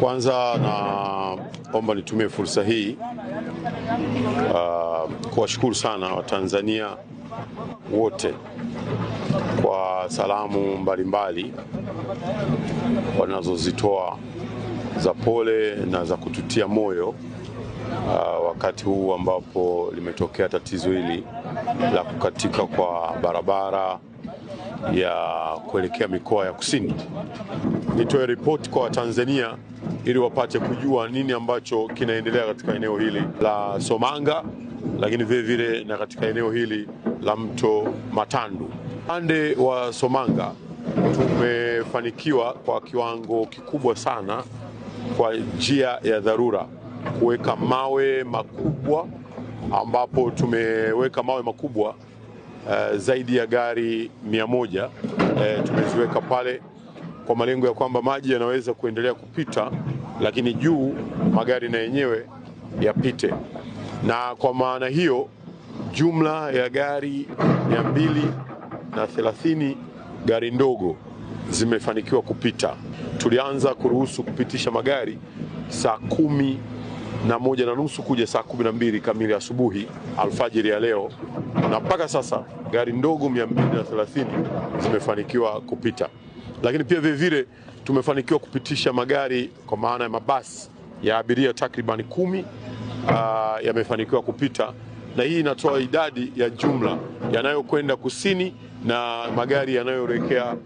Kwanza naomba nitumie fursa hii uh, kuwashukuru sana Watanzania wote kwa salamu mbalimbali wanazozitoa za pole na za kututia moyo uh, wakati huu ambapo limetokea tatizo hili la kukatika kwa barabara ya kuelekea mikoa ya kusini. Nitoe ripoti kwa Watanzania ili wapate kujua nini ambacho kinaendelea katika eneo hili la Somanga, lakini vile vile na katika eneo hili la mto Matandu. Upande wa Somanga tumefanikiwa kwa kiwango kikubwa sana kwa njia ya dharura kuweka mawe makubwa ambapo tumeweka mawe makubwa uh, zaidi ya gari mia moja uh, tumeziweka pale kwa malengo ya kwamba maji yanaweza kuendelea kupita lakini juu magari na yenyewe yapite, na kwa maana hiyo jumla ya gari mia mbili na thelathini gari ndogo zimefanikiwa kupita. Tulianza kuruhusu kupitisha magari saa kumi na moja na nusu kuja saa kumi na mbili kamili asubuhi alfajiri ya leo, na mpaka sasa gari ndogo mia mbili na thelathini zimefanikiwa kupita. Lakini pia vilevile tumefanikiwa kupitisha magari kwa maana ya mabasi ya abiria takriban kumi uh, yamefanikiwa kupita na hii inatoa idadi ya jumla yanayokwenda kusini na magari yanayoelekea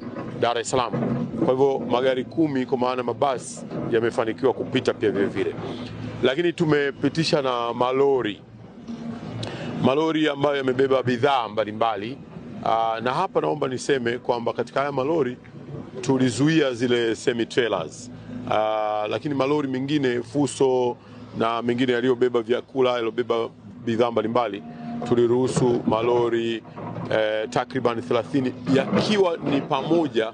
Dar es Salaam. Kwa hivyo magari kumi kwa maana mabasi yamefanikiwa kupita pia vilevile, lakini tumepitisha na malori malori ambayo yamebeba bidhaa mbalimbali. Uh, na hapa naomba niseme kwamba katika haya malori tulizuia zile semi trailers uh, ah, lakini malori mengine fuso na mengine yaliyobeba vyakula yaliyobeba bidhaa mbalimbali tuliruhusu malori eh, takriban 30 yakiwa ni pamoja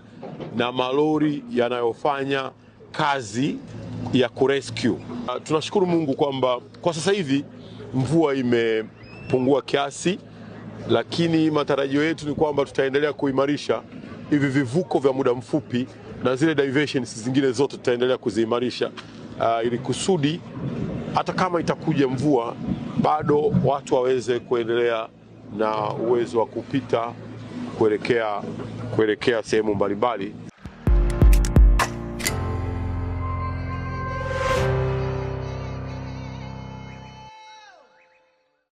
na malori yanayofanya kazi ya kurescue. Uh, tunashukuru Mungu kwamba kwa sasa hivi mvua imepungua kiasi, lakini matarajio yetu ni kwamba tutaendelea kuimarisha hivi vivuko vya muda mfupi na zile diversions zingine zote tutaendelea kuziimarisha, uh, ili kusudi hata kama itakuja mvua bado watu waweze kuendelea na uwezo wa kupita kuelekea kuelekea sehemu mbalimbali.